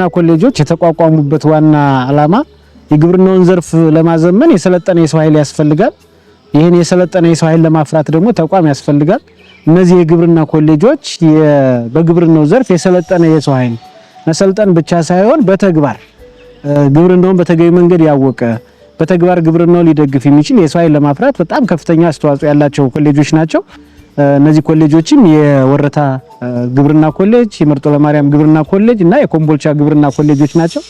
ግብርና ኮሌጆች የተቋቋሙበት ዋና ዓላማ የግብርናውን ዘርፍ ለማዘመን የሰለጠነ የሰው ኃይል ያስፈልጋል። ይህን የሰለጠነ የሰው ኃይል ለማፍራት ደግሞ ተቋም ያስፈልጋል። እነዚህ የግብርና ኮሌጆች በግብርናው ዘርፍ የሰለጠነ የሰው ኃይል መሰልጠን ብቻ ሳይሆን በተግባር ግብርናውን በተገቢ መንገድ ያወቀ በተግባር ግብርናውን ሊደግፍ የሚችል የሰው ኃይል ለማፍራት በጣም ከፍተኛ አስተዋጽኦ ያላቸው ኮሌጆች ናቸው። እነዚህ ኮሌጆችም የወረታ ግብርና ኮሌጅ፣ የመርጦ ለማርያም ግብርና ኮሌጅ እና የኮምቦልቻ ግብርና ኮሌጆች ናቸው።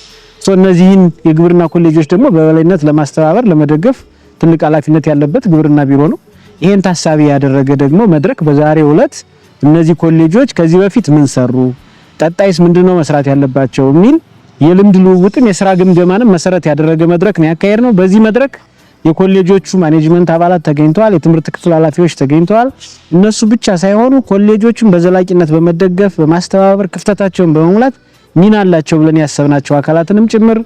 እነዚህን የግብርና ኮሌጆች ደግሞ በበላይነት ለማስተባበር ለመደገፍ ትልቅ ኃላፊነት ያለበት ግብርና ቢሮ ነው። ይሄን ታሳቢ ያደረገ ደግሞ መድረክ በዛሬው ዕለት እነዚህ ኮሌጆች ከዚህ በፊት ምን ሰሩ፣ ቀጣይስ ምንድነው መስራት ያለባቸው የሚል የልምድ ልውውጥም የስራ ግምገማንም መሰረት ያደረገ መድረክ ነው ያካሄድ ነው። በዚህ መድረክ የኮሌጆቹ ማኔጅመንት አባላት ተገኝተዋል። የትምህርት ክፍል ኃላፊዎች ተገኝተዋል። እነሱ ብቻ ሳይሆኑ ኮሌጆቹን በዘላቂነት በመደገፍ በማስተባበር ክፍተታቸውን በመሙላት ሚና አላቸው ብለን ያሰብናቸው አካላትንም ጭምር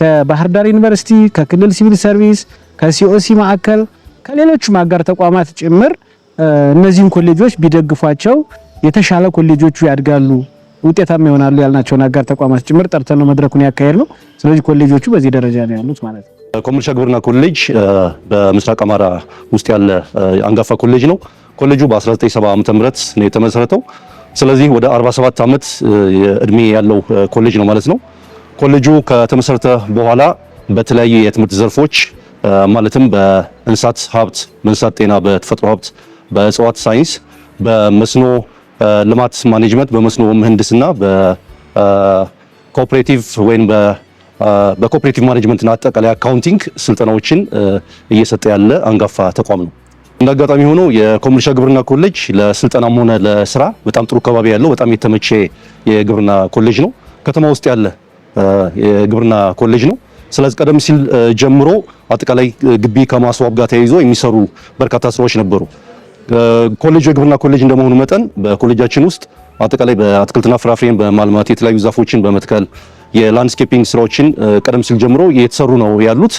ከባህር ዳር ዩኒቨርሲቲ፣ ከክልል ሲቪል ሰርቪስ፣ ከሲኦሲ ማዕከል፣ ከሌሎቹም አጋር ተቋማት ጭምር እነዚህን ኮሌጆች ቢደግፏቸው የተሻለ ኮሌጆቹ ያድጋሉ፣ ውጤታማ ይሆናሉ ያልናቸውን አጋር ተቋማት ጭምር ጠርተን ነው መድረኩን ያካሄድ ነው። ስለዚህ ኮሌጆቹ በዚህ ደረጃ ነው ያሉት ማለት ነው። ኮምቦልቻ ግብርና ኮሌጅ በምስራቅ አማራ ውስጥ ያለ አንጋፋ ኮሌጅ ነው። ኮሌጁ በ1970 ዓ.ም ነው የተመሰረተው። ስለዚህ ወደ 47 ዓመት እድሜ ያለው ኮሌጅ ነው ማለት ነው። ኮሌጁ ከተመሰረተ በኋላ በተለያዩ የትምህርት ዘርፎች ማለትም በእንስሳት ሀብት፣ በእንስሳት ጤና፣ በተፈጥሮ ሀብት፣ በእጽዋት ሳይንስ፣ በመስኖ ልማት ማኔጅመንት፣ በመስኖ ምህንድስና፣ በኮኦፕሬቲቭ ወይም በኮኦፕሬቲቭ ማኔጅመንትና አጠቃላይ አካውንቲንግ ስልጠናዎችን እየሰጠ ያለ አንጋፋ ተቋም ነው። እንደ አጋጣሚ ሆኖ የኮምቦልቻ ግብርና ኮሌጅ ለስልጠናም ሆነ ለስራ በጣም ጥሩ አካባቢ ያለው በጣም የተመቸ የግብርና ኮሌጅ ነው። ከተማ ውስጥ ያለ የግብርና ኮሌጅ ነው። ስለዚህ ቀደም ሲል ጀምሮ አጠቃላይ ግቢ ከማስዋብ ጋር ተያይዞ የሚሰሩ በርካታ ስራዎች ነበሩ። ኮሌጁ የግብርና ኮሌጅ እንደመሆኑ መጠን በኮሌጃችን ውስጥ አጠቃላይ በአትክልትና ፍራፍሬን በማልማት የተለያዩ ዛፎችን በመትከል የላንድስኬፒንግ ስራዎችን ቀደም ሲል ጀምሮ እየተሰሩ ነው ያሉት።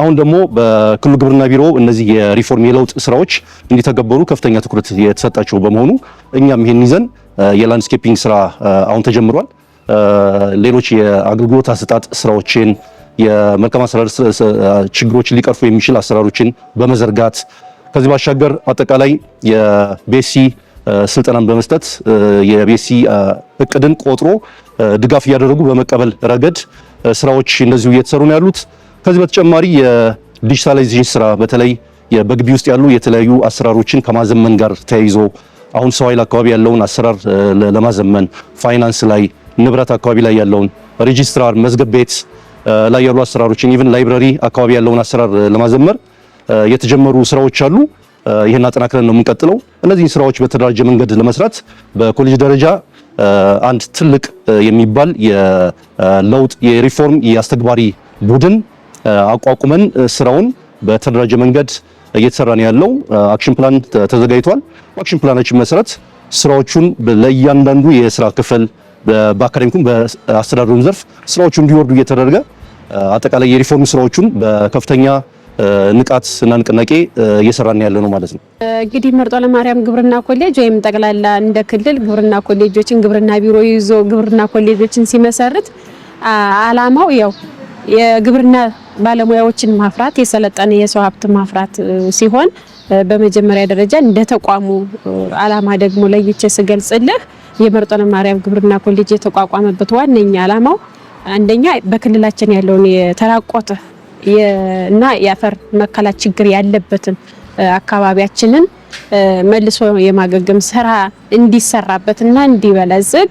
አሁን ደግሞ በክልሉ ግብርና ቢሮ እነዚህ የሪፎርም የለውጥ ስራዎች እንዲተገበሩ ከፍተኛ ትኩረት የተሰጣቸው በመሆኑ እኛም ይሄን ይዘን የላንድስኬፒንግ ስራ አሁን ተጀምሯል። ሌሎች የአገልግሎት አሰጣጥ ስራዎችን የመልካም አሰራር ችግሮችን ሊቀርፉ የሚችል አሰራሮችን በመዘርጋት ከዚህ ባሻገር አጠቃላይ የቤሲ ስልጠናን በመስጠት የቤሲ እቅድን ቆጥሮ ድጋፍ እያደረጉ በመቀበል ረገድ ስራዎች እንደዚሁ እየተሰሩ ነው ያሉት። ከዚህ በተጨማሪ የዲጂታላይዜሽን ስራ በተለይ በግቢ ውስጥ ያሉ የተለያዩ አሰራሮችን ከማዘመን ጋር ተያይዞ አሁን ሰው ኃይል አካባቢ ያለውን አሰራር ለማዘመን ፋይናንስ ላይ፣ ንብረት አካባቢ ላይ ያለውን ሬጂስትራር፣ መዝገብ ቤት ላይ ያሉ አሰራሮችን ኢቭን ላይብራሪ አካባቢ ያለውን አሰራር ለማዘመር የተጀመሩ ስራዎች አሉ። ይህን አጠናክረን ነው የምንቀጥለው። እነዚህን ስራዎች በተደራጀ መንገድ ለመስራት በኮሌጅ ደረጃ አንድ ትልቅ የሚባል የለውጥ የሪፎርም የአስተግባሪ ቡድን አቋቁመን ስራውን በተደራጀ መንገድ እየተሰራ ነው ያለው። አክሽን ፕላን ተዘጋጅቷል። አክሽን ፕላናችን መሰረት ስራዎቹን ለእያንዳንዱ የስራ ክፍል በአካዳሚኩም በአስተዳደሩም ዘርፍ ስራዎቹ እንዲወርዱ እየተደረገ አጠቃላይ የሪፎርም ስራዎቹን በከፍተኛ ንቃት እና ንቅናቄ እየሰራን ያለ ነው ማለት ነው። እንግዲህ መርጦ ለማርያም ግብርና ኮሌጅ ወይም ጠቅላላ እንደ ክልል ግብርና ኮሌጆችን ግብርና ቢሮ ይዞ ግብርና ኮሌጆችን ሲመሰርት አላማው ያው የግብርና ባለሙያዎችን ማፍራት የሰለጠነ የሰው ሀብት ማፍራት ሲሆን በመጀመሪያ ደረጃ እንደ ተቋሙ አላማ ደግሞ ለይቼ ስገልጽልህ የመርጦ ለማርያም ግብርና ኮሌጅ የተቋቋመበት ዋነኛ አላማው አንደኛ በክልላችን ያለውን የተራቆተ እና የአፈር መከላ ችግር ያለበትን አካባቢያችንን መልሶ የማገገም ስራ እና እንዲበለጽግ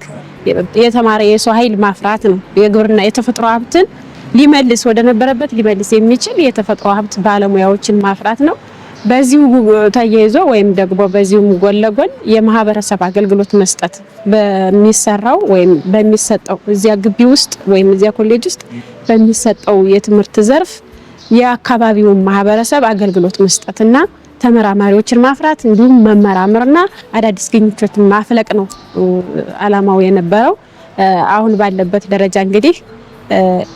የተማረ የሰው ኃይል ማፍራት ነው። የግብርና የተፈጥሮ ሀብትን ሊመልስ ወደ ነበረበት ሊመልስ የሚችል የተፈጥሮ ሀብት ባለሙያዎችን ማፍራት ነው። በዚሁ ተያይዞ ወይም ደግሞ በዚሁም ጎን ለጎን የማህበረሰብ አገልግሎት መስጠት በሚሰራው ወይም በሚሰጠው እዚያ ግቢ ውስጥ ወይም እዚያ ኮሌጅ ውስጥ በሚሰጠው የትምህርት ዘርፍ የአካባቢውን ማህበረሰብ አገልግሎት እና ተመራማሪዎችን ማፍራት እንዲሁም መመራመርና አዳዲስ ግኝቶችን ማፍለቅ ነው አላማው የነበረው። አሁን ባለበት ደረጃ እንግዲህ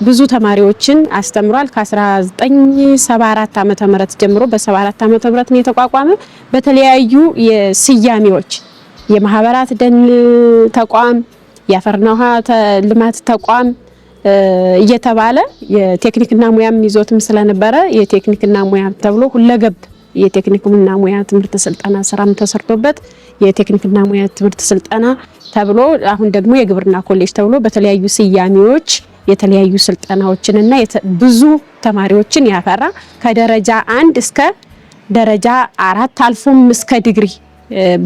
ብዙ ተማሪዎችን አስተምሯል። ከ1974 ዓመተ ምህረት ጀምሮ በ74 ዓመተ ምህረት ነው የተቋቋመ። በተለያዩ የስያሜዎች የማህበራት ደን ተቋም፣ የአፈርና ውሃ ልማት ተቋም እየተባለ የቴክኒክና ሙያም ይዞትም ስለነበረ የቴክኒክና ሙያ ተብሎ ሁለገብ የቴክኒክና ሙያ ትምህርት ስልጠና ስራም ተሰርቶበት የቴክኒክና ሙያ ትምህርት ስልጠና ተብሎ አሁን ደግሞ የግብርና ኮሌጅ ተብሎ በተለያዩ ስያሜዎች የተለያዩ ስልጠናዎችን እና ብዙ ተማሪዎችን ያፈራ ከደረጃ አንድ እስከ ደረጃ አራት አልፎም እስከ ዲግሪ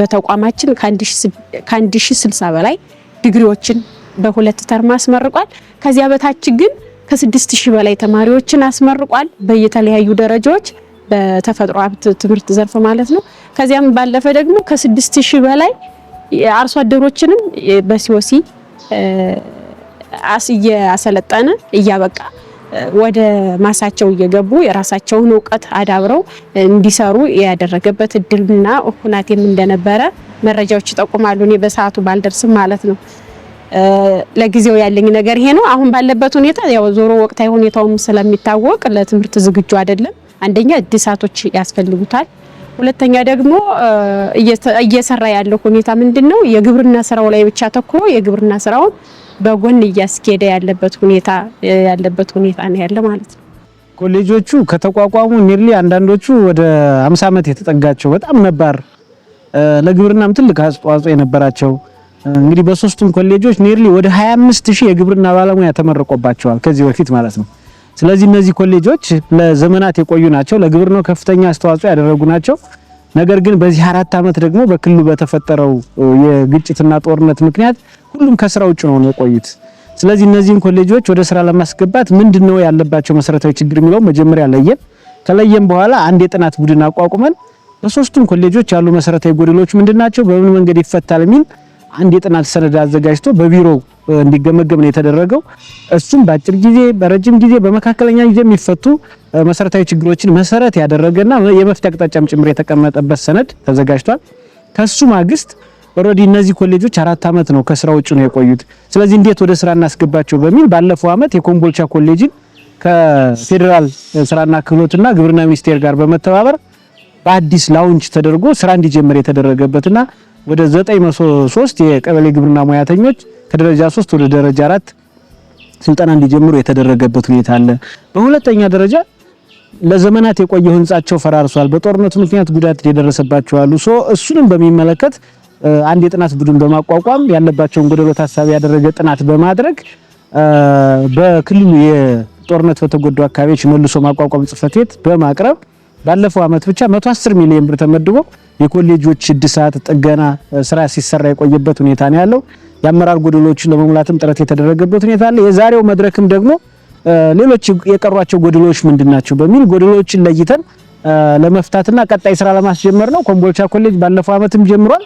በተቋማችን ከአንድ ሺ ስልሳ በላይ ዲግሪዎችን በሁለት ተርማ አስመርቋል። ከዚያ በታች ግን ከስድስት ሺህ በላይ ተማሪዎችን አስመርቋል በየተለያዩ ደረጃዎች በተፈጥሮ ሀብት ትምህርት ዘርፍ ማለት ነው። ከዚያም ባለፈ ደግሞ ከስድስት ሺህ በላይ አርሶ አደሮችንም በሲኦሲ እያሰለጠነ እያበቃ ወደ ማሳቸው እየገቡ የራሳቸውን እውቀት አዳብረው እንዲሰሩ ያደረገበት እድልና ሁናቴም እንደነበረ መረጃዎች ይጠቁማሉ። እኔ በሰዓቱ ባልደርስም ማለት ነው። ለጊዜው ያለኝ ነገር ይሄ ነው። አሁን ባለበት ሁኔታ ያው ዞሮ ወቅታዊ ሁኔታውም ስለሚታወቅ ለትምህርት ዝግጁ አይደለም። አንደኛ እድሳቶች ያስፈልጉታል። ሁለተኛ ደግሞ እየሰራ ያለው ሁኔታ ምንድን ነው? የግብርና ስራው ላይ ብቻ ተኩሮ የግብርና ስራውን በጎን እያስኬደ ያለበት ሁኔታ ያለበት ሁኔታ ነው ያለ ማለት ነው። ኮሌጆቹ ከተቋቋሙ ኒርሊ አንዳንዶቹ ወደ 50 ዓመት የተጠጋቸው በጣም ነባር ለግብርናም ትልቅ አስተዋጽኦ የነበራቸው እንግዲህ በሶስቱም ኮሌጆች ኒርሊ ወደ 25 ሺህ የግብርና ባለሙያ ተመርቆባቸዋል ከዚህ በፊት ማለት ነው። ስለዚህ እነዚህ ኮሌጆች ለዘመናት የቆዩ ናቸው። ለግብርናው ከፍተኛ አስተዋጽኦ ያደረጉ ናቸው። ነገር ግን በዚህ አራት ዓመት ደግሞ በክልሉ በተፈጠረው የግጭትና ጦርነት ምክንያት ሁሉም ከስራ ውጭ ነው የቆዩት። ስለዚህ እነዚህን ኮሌጆች ወደ ስራ ለማስገባት ምንድነው ያለባቸው መሰረታዊ ችግር የሚለው መጀመሪያ ለየን። ከለየን በኋላ አንድ የጥናት ቡድን አቋቁመን በሶስቱም ኮሌጆች ያሉ መሰረታዊ ጎደሎች ምንድናቸው፣ በምን መንገድ ይፈታል የሚል አንድ የጥናት ሰነድ አዘጋጅቶ በቢሮ እንዲገመገም ነው የተደረገው። እሱም በአጭር ጊዜ፣ በረጅም ጊዜ፣ በመካከለኛ ጊዜ የሚፈቱ መሰረታዊ ችግሮችን መሰረት ያደረገና የመፍትሄ አቅጣጫም ጭምር የተቀመጠበት ሰነድ ተዘጋጅቷል። ከሱ ማግስት ኦልሬዲ እነዚህ ኮሌጆች አራት ዓመት ነው ከስራ ውጭ ነው የቆዩት። ስለዚህ እንዴት ወደ ስራ እናስገባቸው በሚል ባለፈው ዓመት የኮምቦልቻ ኮሌጅን ከፌዴራል ስራና ክህሎትና ግብርና ሚኒስቴር ጋር በመተባበር በአዲስ ላውንች ተደርጎ ስራ እንዲጀምር የተደረገበትና ወደ 903 የቀበሌ ግብርና ሙያተኞች ከደረጃ 3 ወደ ደረጃ 4 ስልጠና እንዲጀምሩ የተደረገበት ሁኔታ አለ። በሁለተኛ ደረጃ ለዘመናት የቆየው ህንጻቸው ፈራርሷል። በጦርነቱ ምክንያት ጉዳት የደረሰባቸው አሉ። እሱንም በሚመለከት አንድ የጥናት ቡድን በማቋቋም ያለባቸውን ጎደሎ ታሳቢ ያደረገ ጥናት በማድረግ በክልሉ የጦርነት በተጎዱ አካባቢዎች መልሶ ማቋቋም ጽፈት ቤት በማቅረብ ባለፈው ዓመት ብቻ 110 ሚሊዮን ብር ተመድቦ የኮሌጆች እድሳት ጥገና ስራ ሲሰራ የቆየበት ሁኔታ ነው ያለው። የአመራር ጎደሎችን ለመሙላትም ጥረት የተደረገበት ሁኔታ አለ። የዛሬው መድረክም ደግሞ ሌሎች የቀሯቸው ጎደሎች ምንድን ናቸው በሚል ጎደሎችን ለይተን ለመፍታትና ቀጣይ ስራ ለማስጀመር ነው። ኮምቦልቻ ኮሌጅ ባለፈው ዓመትም ጀምሯል።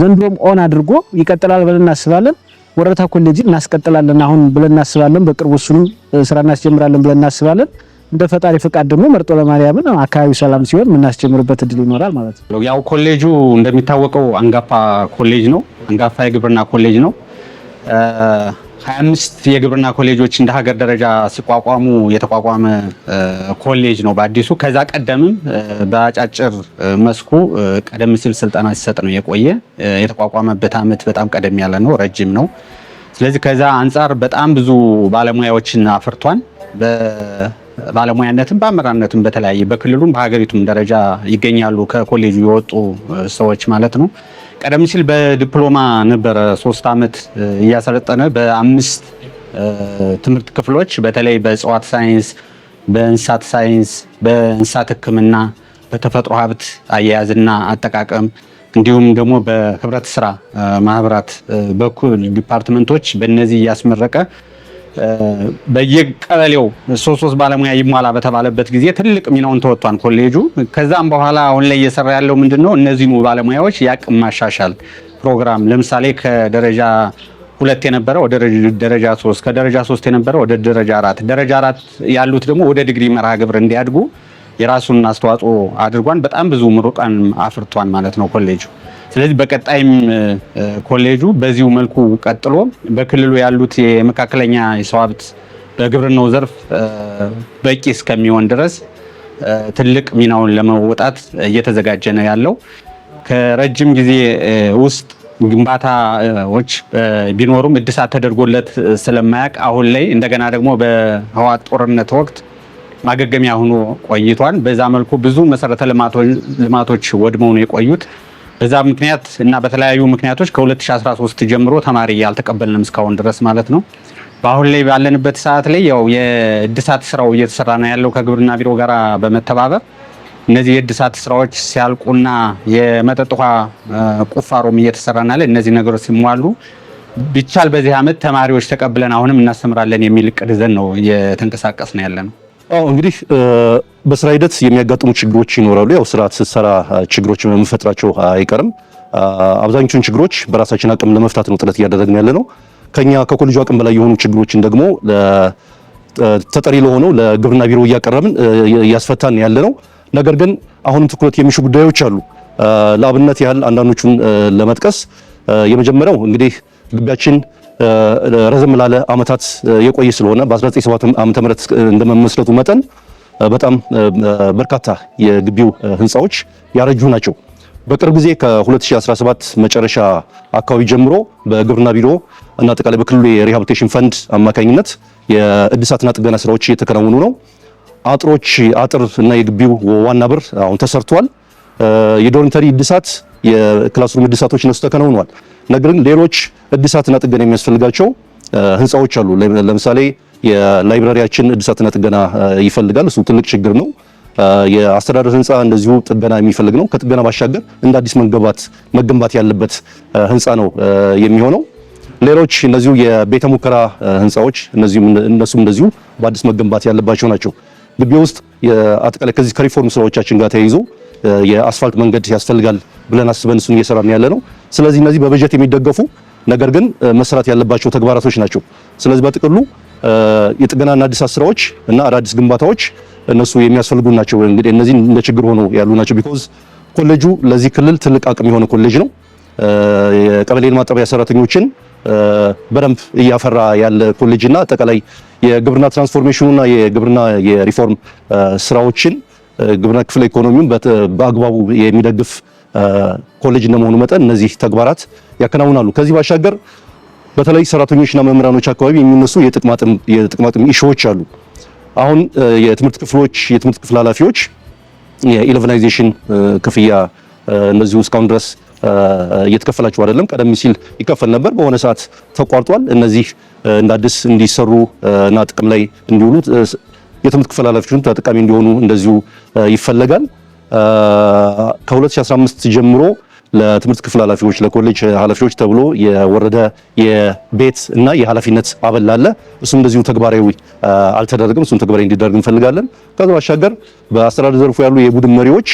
ዘንድሮም ኦን አድርጎ ይቀጥላል ብለን እናስባለን። ወረታ ኮሌጅ እናስቀጥላለን አሁን ብለን እናስባለን። በቅርቡ እሱንም ስራ እናስጀምራለን ብለን እናስባለን። እንደ ፈጣሪ ፈቃድ ደግሞ መርጦ ለማርያምን አካባቢው ሰላም ሲሆን የምናስጀምርበት እድል ይኖራል ማለት ነው። ያው ኮሌጁ እንደሚታወቀው አንጋፋ ኮሌጅ ነው። አንጋፋ የግብርና ኮሌጅ ነው። ሀያ አምስት የግብርና ኮሌጆች እንደ ሀገር ደረጃ ሲቋቋሙ የተቋቋመ ኮሌጅ ነው በአዲሱ። ከዛ ቀደምም በአጫጭር መስኩ ቀደም ሲል ስልጠና ሲሰጥ ነው የቆየ። የተቋቋመበት ዓመት በጣም ቀደም ያለ ነው፣ ረጅም ነው። ስለዚህ ከዛ አንጻር በጣም ብዙ ባለሙያዎችን አፍርቷል። ባለሙያነትም በአመራርነትም በተለያየ በክልሉም በሀገሪቱም ደረጃ ይገኛሉ ከኮሌጁ የወጡ ሰዎች ማለት ነው። ቀደም ሲል በዲፕሎማ ነበረ ሶስት ዓመት እያሰለጠነ በአምስት ትምህርት ክፍሎች በተለይ በእጽዋት ሳይንስ፣ በእንስሳት ሳይንስ፣ በእንስሳት ሕክምና፣ በተፈጥሮ ሀብት አያያዝና አጠቃቀም እንዲሁም ደግሞ በህብረት ስራ ማህበራት በኩል ዲፓርትመንቶች በእነዚህ እያስመረቀ በየቀበሌው ሶስት ሶስት ባለሙያ ይሟላ በተባለበት ጊዜ ትልቅ ሚናውን ተወጥቷል ኮሌጁ። ከዛም በኋላ አሁን ላይ እየሰራ ያለው ምንድን ነው? እነዚህኑ ባለሙያዎች የአቅም ማሻሻል ፕሮግራም ለምሳሌ ከደረጃ ሁለት የነበረ ወደ ደረጃ ሶስት ከደረጃ ሶስት የነበረ ወደ ደረጃ አራት ደረጃ አራት ያሉት ደግሞ ወደ ዲግሪ መርሃ ግብር እንዲያድጉ የራሱን አስተዋጽኦ አድርጓን በጣም ብዙ ምሩቃን አፍርቷን ማለት ነው ኮሌጁ። ስለዚህ በቀጣይም ኮሌጁ በዚሁ መልኩ ቀጥሎ በክልሉ ያሉት የመካከለኛ የሰው ሀብት በግብርናው ዘርፍ በቂ እስከሚሆን ድረስ ትልቅ ሚናውን ለመወጣት እየተዘጋጀ ነው ያለው። ከረጅም ጊዜ ውስጥ ግንባታዎች ቢኖሩም እድሳት ተደርጎለት ስለማያውቅ አሁን ላይ እንደገና ደግሞ በህዋት ጦርነት ወቅት ማገገሚያ ሆኖ ቆይቷል። በዛ መልኩ ብዙ መሰረተ ልማቶች ወድመው ነው የቆዩት። በዛ ምክንያት እና በተለያዩ ምክንያቶች ከ2013 ጀምሮ ተማሪ ያልተቀበልንም እስካሁን ድረስ ማለት ነው። በአሁን ላይ ባለንበት ሰዓት ላይ ያው የእድሳት ስራው እየተሰራ ነው ያለው ከግብርና ቢሮ ጋር በመተባበር እነዚህ የእድሳት ስራዎች ሲያልቁና የመጠጥ ውሃ ቁፋሮም እየተሰራ ናለ እነዚህ ነገሮች ሲሟሉ ቢቻል በዚህ አመት ተማሪዎች ተቀብለን አሁንም እናስተምራለን የሚል እቅድ ነው እየተንቀሳቀስ ነው ያለ ነው። አዎ እንግዲህ በስራ ሂደት የሚያጋጥሙ ችግሮች ይኖራሉ። ያው ስራ ስትሰራ ችግሮች የምንፈጥራቸው አይቀርም። አብዛኞቹን ችግሮች በራሳችን አቅም ለመፍታት ነው ጥረት እያደረግን ያለ ነው። ከኛ ከኮሌጁ አቅም በላይ የሆኑ ችግሮችን ደግሞ ተጠሪ ለሆነው ለግብርና ቢሮ እያቀረብን እያስፈታን ያለ ነው። ነገር ግን አሁንም ትኩረት የሚሹ ጉዳዮች አሉ። ለአብነት ያህል አንዳንዶቹን ለመጥቀስ የመጀመሪያው እንግዲህ ግቢያችን ረዘም ላለ አመታት የቆየ ስለሆነ በ 1997 ዓመተ ምህረት እንደመመስረቱ መጠን በጣም በርካታ የግቢው ህንፃዎች ያረጁ ናቸው። በቅርብ ጊዜ ከ2017 መጨረሻ አካባቢ ጀምሮ በግብርና ቢሮ እና አጠቃላይ በክልሉ የሪሃብሊቴሽን ፈንድ አማካኝነት የእድሳትና ጥገና ስራዎች እየተከናወኑ ነው። አጥሮች አጥር እና የግቢው ዋና በር አሁን ተሰርቷል። የዶርሚተሪ እድሳት፣ የክላስሩም እድሳቶች እነሱ ተከናውነዋል። ነገር ግን ሌሎች እድሳትና ጥገና የሚያስፈልጋቸው ህንፃዎች አሉ። ለምሳሌ የላይብራሪያችን እድሳትና ጥገና ይፈልጋል። እሱ ትልቅ ችግር ነው። የአስተዳደር ህንፃ እንደዚሁ ጥገና የሚፈልግ ነው። ከጥገና ባሻገር እንደ አዲስ መገንባት መገንባት ያለበት ህንፃ ነው የሚሆነው። ሌሎች እነዚሁ የቤተ ሙከራ ህንፃዎች እነሱም እንደዚሁ በአዲስ መገንባት ያለባቸው ናቸው። ግቢ ውስጥ አጠቃላይ ከዚህ ከሪፎርም ስራዎቻችን ጋር ተያይዞ የአስፋልት መንገድ ያስፈልጋል። ብለን አስበን እሱን እየሰራን ያለ ነው። ስለዚህ እነዚህ በበጀት የሚደገፉ ነገር ግን መሰራት ያለባቸው ተግባራቶች ናቸው። ስለዚህ በጥቅሉ የጥገናና አዲስ ስራዎች እና አዳዲስ ግንባታዎች እነሱ የሚያስፈልጉ ናቸው። እንግዲህ እነዚህ እንደ ችግር ሆኖ ያሉ ናቸው። ቢኮዝ ኮሌጁ ለዚህ ክልል ትልቅ አቅም የሆነ ኮሌጅ ነው። የቀበሌን ማጠቢያ ሰራተኞችን በደንብ እያፈራ ያለ ኮሌጅና አጠቃላይ የግብርና ትራንስፎርሜሽኑና የግብርና የሪፎርም ስራዎችን ግብረ ክፍለ ኢኮኖሚውን በአግባቡ የሚደግፍ ኮሌጅ እንደመሆኑ መጠን እነዚህ ተግባራት ያከናውናሉ። ከዚህ ባሻገር በተለይ ሰራተኞችና መምህራኖች አካባቢ የሚነሱ የጥቅማጥም ኢሹዎች አሉ። አሁን የትምህርት ክፍሎች የትምህርት ክፍል ኃላፊዎች የኢለቨናይዜሽን ክፍያ እነዚሁ እስካሁን ድረስ እየተከፈላቸው አይደለም። ቀደም ሲል ይከፈል ነበር፣ በሆነ ሰዓት ተቋርጧል። እነዚህ እንደ አዲስ እንዲሰሩ እና ጥቅም ላይ እንዲውሉ የትምህርት ክፍል ኃላፊዎችን ተጠቃሚ እንዲሆኑ እንደዚሁ ይፈለጋል። ከ2015 ጀምሮ ለትምህርት ክፍል ኃላፊዎች ለኮሌጅ ኃላፊዎች ተብሎ የወረደ የቤት እና የኃላፊነት አበል አለ። እሱም እንደዚሁ ተግባራዊ አልተደረገም። እሱም ተግባራዊ እንዲደረግ እንፈልጋለን። ከዛ ባሻገር በአስተዳደር ዘርፉ ያሉ የቡድን መሪዎች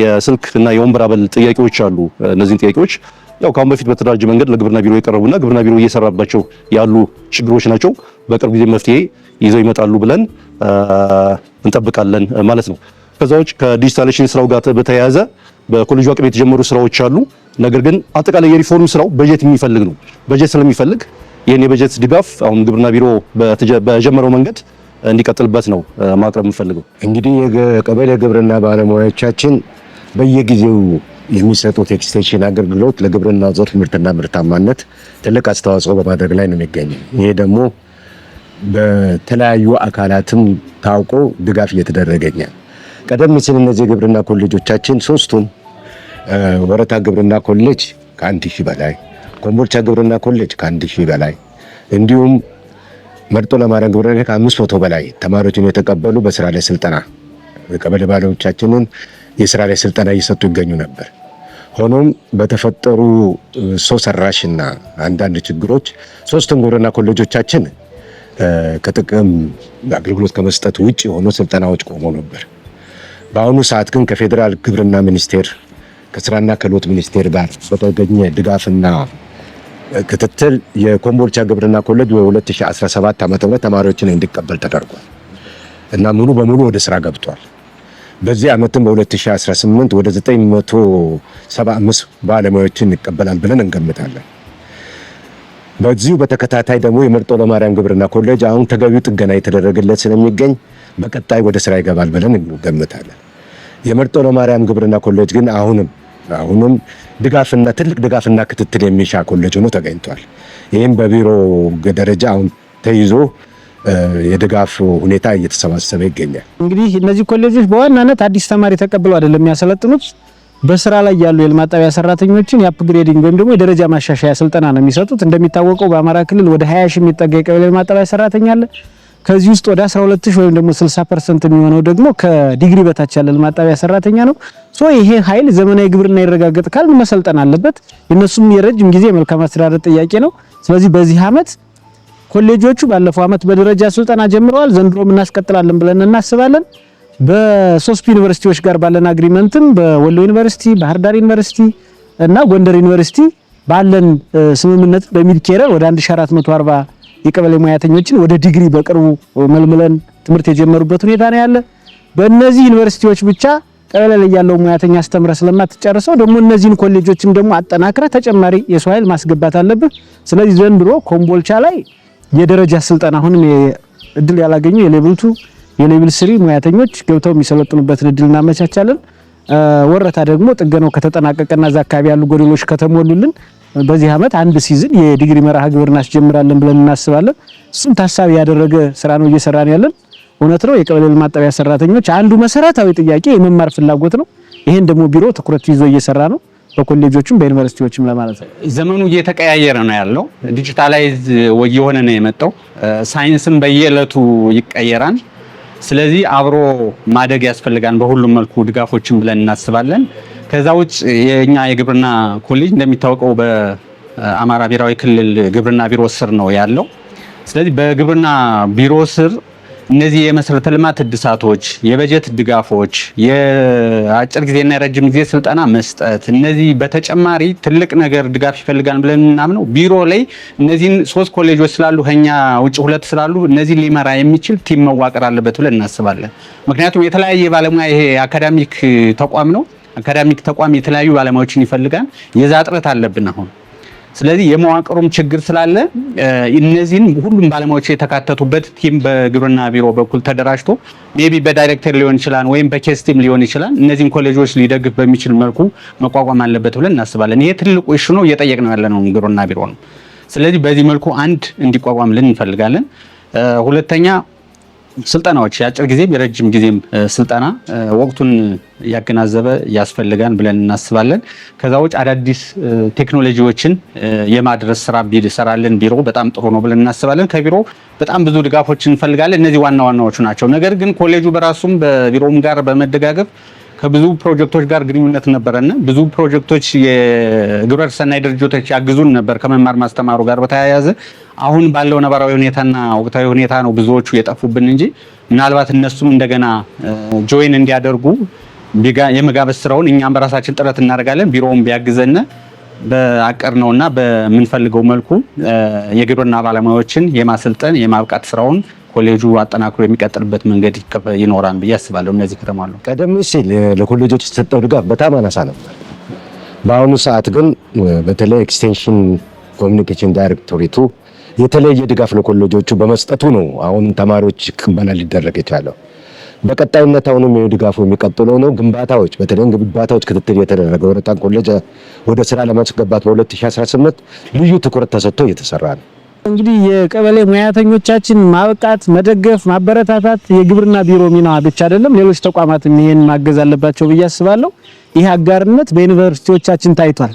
የስልክ እና የወንበር አበል ጥያቄዎች አሉ። እነዚህን ጥያቄዎች ያው ከአሁን በፊት በተደራጀ መንገድ ለግብርና ቢሮ የቀረቡና ግብርና ቢሮ እየሰራባቸው ያሉ ችግሮች ናቸው። በቅርብ ጊዜ መፍትሄ ይዘው ይመጣሉ ብለን እንጠብቃለን ማለት ነው። ከዛ ውጭ ከዲጂታላይዜሽን ስራው ጋር በተያያዘ በኮሌጁ አቅም የተጀመሩ ስራዎች አሉ። ነገር ግን አጠቃላይ የሪፎርም ስራው በጀት የሚፈልግ ነው። በጀት ስለሚፈልግ ይህን የበጀት ድጋፍ አሁን ግብርና ቢሮ በጀመረው መንገድ እንዲቀጥልበት ነው ማቅረብ የምፈልገው። እንግዲህ የቀበሌ ግብርና ባለሙያዎቻችን በየጊዜው የሚሰጡት ኤክስቴንሽን አገልግሎት ለግብርና ዞር ምርትና ምርታማነት ትልቅ አስተዋጽኦ በማድረግ ላይ ነው የሚገኘው። ይሄ ደግሞ በተለያዩ አካላትም ታውቆ ድጋፍ እየተደረገኛ ቀደም ሲል እነዚህ የግብርና ኮሌጆቻችን ሶስቱም ወረታ ግብርና ኮሌጅ ከአንድ ሺህ በላይ ኮምቦልቻ ግብርና ኮሌጅ ከአንድ ሺህ በላይ እንዲሁም መርጦ ለማርያም ግብርና ከአምስት መቶ በላይ ተማሪዎችን የተቀበሉ በስራ ላይ ስልጠና ቀበሌ ባለሙያዎቻችንን የስራ ላይ ስልጠና እየሰጡ ይገኙ ነበር። ሆኖም በተፈጠሩ ሰው ሰራሽና አንዳንድ ችግሮች ሶስቱም ግብርና ኮሌጆቻችን ከጥቅም አገልግሎት ከመስጠት ውጭ የሆኑ ስልጠናዎች ቆሞ ነበር። በአሁኑ ሰዓት ግን ከፌዴራል ግብርና ሚኒስቴር ከስራና ክህሎት ሚኒስቴር ጋር በተገኘ ድጋፍና ክትትል የኮምቦልቻ ግብርና ኮሌጅ በ2017 ዓ.ም ተማሪዎችን እንዲቀበል ተደርጓል እና ሙሉ በሙሉ ወደ ስራ ገብቷል። በዚህ ዓመትም በ2018 ወደ 975 ባለሙያዎችን ይቀበላል ብለን እንገምታለን። በዚሁ በተከታታይ ደግሞ የመርጦ ለማርያም ግብርና ኮሌጅ አሁን ተገቢው ጥገና የተደረገለት ስለሚገኝ በቀጣይ ወደ ስራ ይገባል ብለን እንገምታለን። የመርጦ ለማርያም ግብርና ኮሌጅ ግን አሁንም አሁንም ድጋፍና ትልቅ ድጋፍና ክትትል የሚሻ ኮሌጅ ሆኖ ተገኝቷል። ይህም በቢሮ ደረጃ አሁን ተይዞ የድጋፍ ሁኔታ እየተሰባሰበ ይገኛል። እንግዲህ እነዚህ ኮሌጆች በዋናነት አዲስ ተማሪ ተቀብለው አይደለም የሚያሰለጥኑት በስራ ላይ ያሉ ጣቢያ ሰራተኞችን የአፕግሬዲንግ ወይም ደግሞ የደረጃ ማሻሻያ ስልጠና ነው የሚሰጡት። እንደሚታወቀው በአማራ ክልል ወደ 20 ሺህ የሚጠጋ የቀበሌ ማጣቢያ ሰራተኛ አለ። ከዚህ ውስጥ ወደ 12 ሺህ ወይም ደግሞ 60 ፐርሰንት የሚሆነው ደግሞ ከዲግሪ በታች ያለ ማጣቢያ ሰራተኛ ነው። ሶ ይሄ ኃይል ዘመናዊ ግብርና ይረጋገጥ ካልን መሰልጠን አለበት። የነሱም የረጅም ጊዜ የመልካም አስተዳደር ጥያቄ ነው። ስለዚህ በዚህ አመት ኮሌጆቹ ባለፈው አመት በደረጃ ስልጠና ጀምረዋል። ዘንድሮም እናስቀጥላለን ብለን እናስባለን። በሶስቱ ዩኒቨርሲቲዎች ጋር ባለን አግሪመንትም በወሎ ዩኒቨርሲቲ፣ ባህር ዳር ዩኒቨርሲቲ እና ጎንደር ዩኒቨርሲቲ ባለን ስምምነት በሚል ኬረር ወደ 1440 የቀበሌ ሙያተኞችን ወደ ዲግሪ በቅርቡ መልምለን ትምህርት የጀመሩበት ሁኔታ ነው ያለ። በእነዚህ ዩኒቨርሲቲዎች ብቻ ቀበሌ ላይ ያለው ሙያተኛ አስተምረ ስለማትጨርሰው ደግሞ እነዚህን ኮሌጆችም ደግሞ አጠናክረ ተጨማሪ የሰው ኃይል ማስገባት አለብህ። ስለዚህ ዘንድሮ ኮምቦልቻ ላይ የደረጃ ስልጠና አሁንም እድል ያላገኙ የሌቭል ቱ የሌብል ስሪ ሙያተኞች ገብተው የሚሰለጥኑበትን እድል እናመቻቻለን። ወረታ ደግሞ ጥገናው ከተጠናቀቀና እዛ አካባቢ ያሉ ጎደሎች ከተሞሉልን በዚህ ዓመት አንድ ሲዝን የዲግሪ መርሃ ግብር እናስጀምራለን ብለን እናስባለን። እሱም ታሳቢ ያደረገ ስራ ነው እየሰራን ያለን። እውነት ነው የቀበሌ ማጠቢያ ሰራተኞች አንዱ መሰረታዊ ጥያቄ የመማር ፍላጎት ነው። ይሄን ደግሞ ቢሮ ትኩረት ይዞ እየሰራ ነው በኮሌጆችም በዩኒቨርሲቲዎችም ለማለት ነው። ዘመኑ እየተቀያየረ ነው ያለው፣ ዲጂታላይዝ እየሆነ ነው የመጣው። ሳይንስም በየዕለቱ ይቀየራል። ስለዚህ አብሮ ማደግ ያስፈልጋል በሁሉም መልኩ ድጋፎችን ብለን እናስባለን። ከዛ ውጭ የእኛ የግብርና ኮሌጅ እንደሚታወቀው በአማራ ብሔራዊ ክልል ግብርና ቢሮ ስር ነው ያለው። ስለዚህ በግብርና ቢሮ ስር እነዚህ የመሰረተ ልማት እድሳቶች፣ የበጀት ድጋፎች፣ የአጭር ጊዜና የረጅም ጊዜ ስልጠና መስጠት፣ እነዚህ በተጨማሪ ትልቅ ነገር ድጋፍ ይፈልጋል ብለን የምናምነው ቢሮ ላይ እነዚህን ሶስት ኮሌጆች ስላሉ ከኛ ውጭ ሁለት ስላሉ እነዚህ ሊመራ የሚችል ቲም መዋቅር አለበት ብለን እናስባለን። ምክንያቱም የተለያየ ባለሙያ ይሄ አካዳሚክ ተቋም ነው። አካዳሚክ ተቋም የተለያዩ ባለሙያዎችን ይፈልጋል። የዛ እጥረት አለብን አሁን ስለዚህ የመዋቅሩም ችግር ስላለ እነዚህን ሁሉም ባለሙያዎች የተካተቱበት ቲም በግብርና ቢሮ በኩል ተደራጅቶ ሜቢ በዳይሬክተር ሊሆን ይችላል ወይም በኬስ ቲም ሊሆን ይችላል እነዚህን ኮሌጆች ሊደግፍ በሚችል መልኩ መቋቋም አለበት ብለን እናስባለን። ይሄ ትልቁ እሹ ነው፣ ያለ ነው ግብርና ቢሮ ነው። ስለዚህ በዚህ መልኩ አንድ እንዲቋቋም ልን እንፈልጋለን። ሁለተኛ ስልጠናዎች የአጭር ጊዜም የረጅም ጊዜም ስልጠና ወቅቱን ያገናዘበ ያስፈልጋን ብለን እናስባለን። ከዛ ውጭ አዳዲስ ቴክኖሎጂዎችን የማድረስ ስራ ሰራለን ቢሮ በጣም ጥሩ ነው ብለን እናስባለን። ከቢሮ በጣም ብዙ ድጋፎች እንፈልጋለን። እነዚህ ዋና ዋናዎቹ ናቸው። ነገር ግን ኮሌጁ በራሱም በቢሮውም ጋር በመደጋገፍ ከብዙ ፕሮጀክቶች ጋር ግንኙነት ነበረና ብዙ ፕሮጀክቶች የግብረ ሰናይ ድርጅቶች ያግዙን ነበር ከመማር ማስተማሩ ጋር በተያያዘ። አሁን ባለው ነባራዊ ሁኔታና ወቅታዊ ሁኔታ ነው ብዙዎቹ የጠፉብን እንጂ ምናልባት እነሱም እንደገና ጆይን እንዲያደርጉ የመጋበዝ ስራውን እኛም በራሳችን ጥረት እናደርጋለን። ቢሮውም ቢያግዘን በአቀር ነውና በምንፈልገው መልኩ የግብርና ባለሙያዎችን የማሰልጠን የማብቃት ስራውን ኮሌጁ አጠናክሮ የሚቀጥልበት መንገድ ይኖራል ብዬ አስባለሁ። እነዚህ ከተማ ነው ቀደም ሲል ለኮሌጆች የተሰጠው ድጋፍ በጣም አናሳ ነበር። በአሁኑ ሰዓት ግን በተለይ ኤክስቴንሽን ኮሚኒኬሽን ዳይሬክቶሬቱ የተለየ ድጋፍ ለኮሌጆቹ በመስጠቱ ነው አሁን ተማሪዎች ቅበላ ሊደረግ የቻለው። በቀጣይነት አሁንም ድጋፉ የሚቀጥለው ነው። ግንባታዎች በተለይ ግንባታዎች ክትትል የተደረገ ወረታን ኮሌጅ ወደ ስራ ለማስገባት በ2018 ልዩ ትኩረት ተሰጥቶ እየተሰራ ነው። እንግዲህ የቀበሌ ሙያተኞቻችን ማብቃት፣ መደገፍ፣ ማበረታታት የግብርና ቢሮ ሚና ብቻ አይደለም። ሌሎች ተቋማትም ይሄን ማገዝ አለባቸው ብዬ አስባለሁ። ይህ አጋርነት በዩኒቨርሲቲዎቻችን ታይቷል።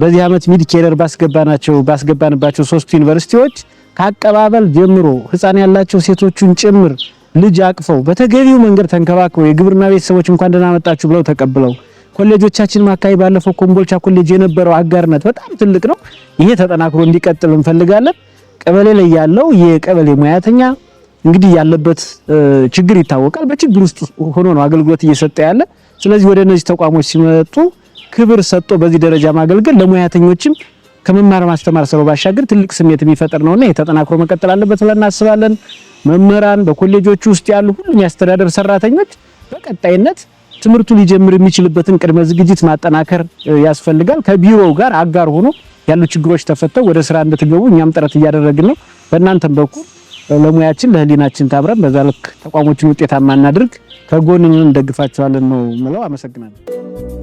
በዚህ ዓመት ሚድ ኬደር ባስገባናቸው ባስገባንባቸው ሶስቱ ዩኒቨርሲቲዎች ከአቀባበል ጀምሮ ህፃን ያላቸው ሴቶቹን ጭምር ልጅ አቅፈው በተገቢው መንገድ ተንከባክበው የግብርና ቤተሰቦች እንኳን ደህና መጣችሁ ብለው ተቀብለው ኮሌጆቻችን አካባቢ ባለፈው ኮምቦልቻ ኮሌጅ የነበረው አጋርነት በጣም ትልቅ ነው። ይሄ ተጠናክሮ እንዲቀጥል እንፈልጋለን። ቀበሌ ላይ ያለው የቀበሌ ሙያተኛ እንግዲህ ያለበት ችግር ይታወቃል። በችግር ውስጥ ሆኖ ነው አገልግሎት እየሰጠ ያለ። ስለዚህ ወደ እነዚህ ተቋሞች ሲመጡ ክብር ሰጥቶ በዚህ ደረጃ ማገልገል ለሙያተኞችም ከመማር ማስተማር ስራው ባሻገር ትልቅ ስሜት የሚፈጥር ነውና የተጠናክሮ መቀጠል አለበት ብለን እናስባለን። መምህራን፣ በኮሌጆች ውስጥ ያሉ ሁሉም የአስተዳደር ሰራተኞች በቀጣይነት ትምህርቱ ሊጀምር የሚችልበትን ቅድመ ዝግጅት ማጠናከር ያስፈልጋል። ከቢሮው ጋር አጋር ሆኖ ያሉ ችግሮች ተፈተው ወደ ስራ እንድትገቡ እኛም ጥረት እያደረግን ነው። በእናንተም በኩል ለሙያችን ለህሊናችን ታብረን በዛ ልክ ተቋሞችን ውጤታማ እናድርግ። ከጎን እንደግፋቸዋለን ነው ምለው። አመሰግናለሁ።